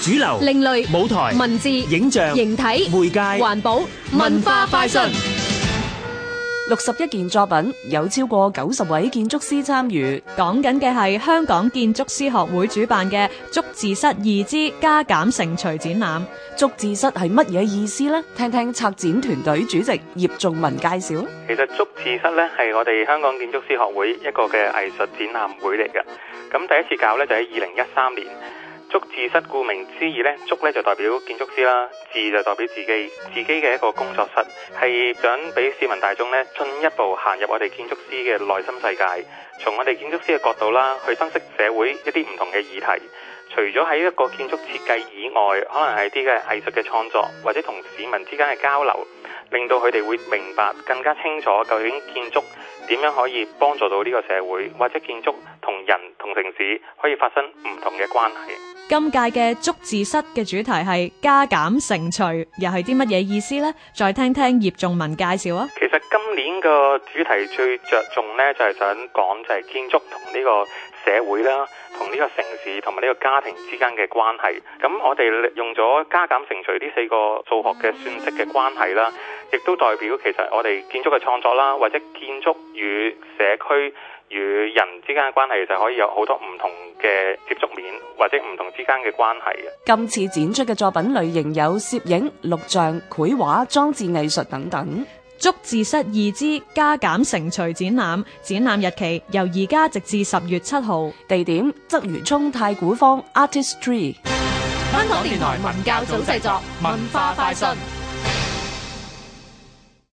主流另類舞台文字影像形體媒介環保文化快訊61 61件作品，有超過90位建築師參與，講緊嘅係香港建築師學會主辦嘅築字室二之加減乘除展覽。築字室係乜嘢意思呢？聽聽策展團隊主席葉仲文介紹。其實築字室呢係我哋香港建築師學會一個嘅藝術展覽會嚟㗎。咁第一次搞呢就喺2013年築字室顧名思義咧，築咧就代表建築師啦，字就代表自己，自己嘅一個工作室，係想俾市民大眾咧進一步行入我哋建築師嘅內心世界，從我哋建築師嘅角度啦，去分析社會一啲唔同嘅議題。除咗喺一個建築設計以外，可能係啲嘅藝術嘅創作，或者同市民之間嘅交流，令到佢哋會明白更加清楚究竟建築點樣可以幫助到呢個社會，或者建築同人同城市可以發生唔同嘅關係。今屆嘅竹字室嘅主題係加減乘除，又係啲乜嘢意思呢？再聽聽葉仲文介紹啊！其實今年個主題最着重呢，就係、是、想講就係建築同呢個社會啦，同呢個城市同埋呢個家庭之間嘅關係。咁我哋用咗加減乘除呢四個數學嘅算式嘅關係啦，亦都代表其實我哋建築嘅創作啦，或者建築與。社區與人之間嘅關係，就可以有好多唔同嘅接觸面，或者唔同之間嘅關係啊！今次展出嘅作品類型有攝影、錄像、繪畫、裝置藝術等等。足字失意之加減乘除展覽，展覽日期由而家直至十月七號，地點則鰂魚涌太古坊 ArtisTree。香港電台文教組製作，文化快訊。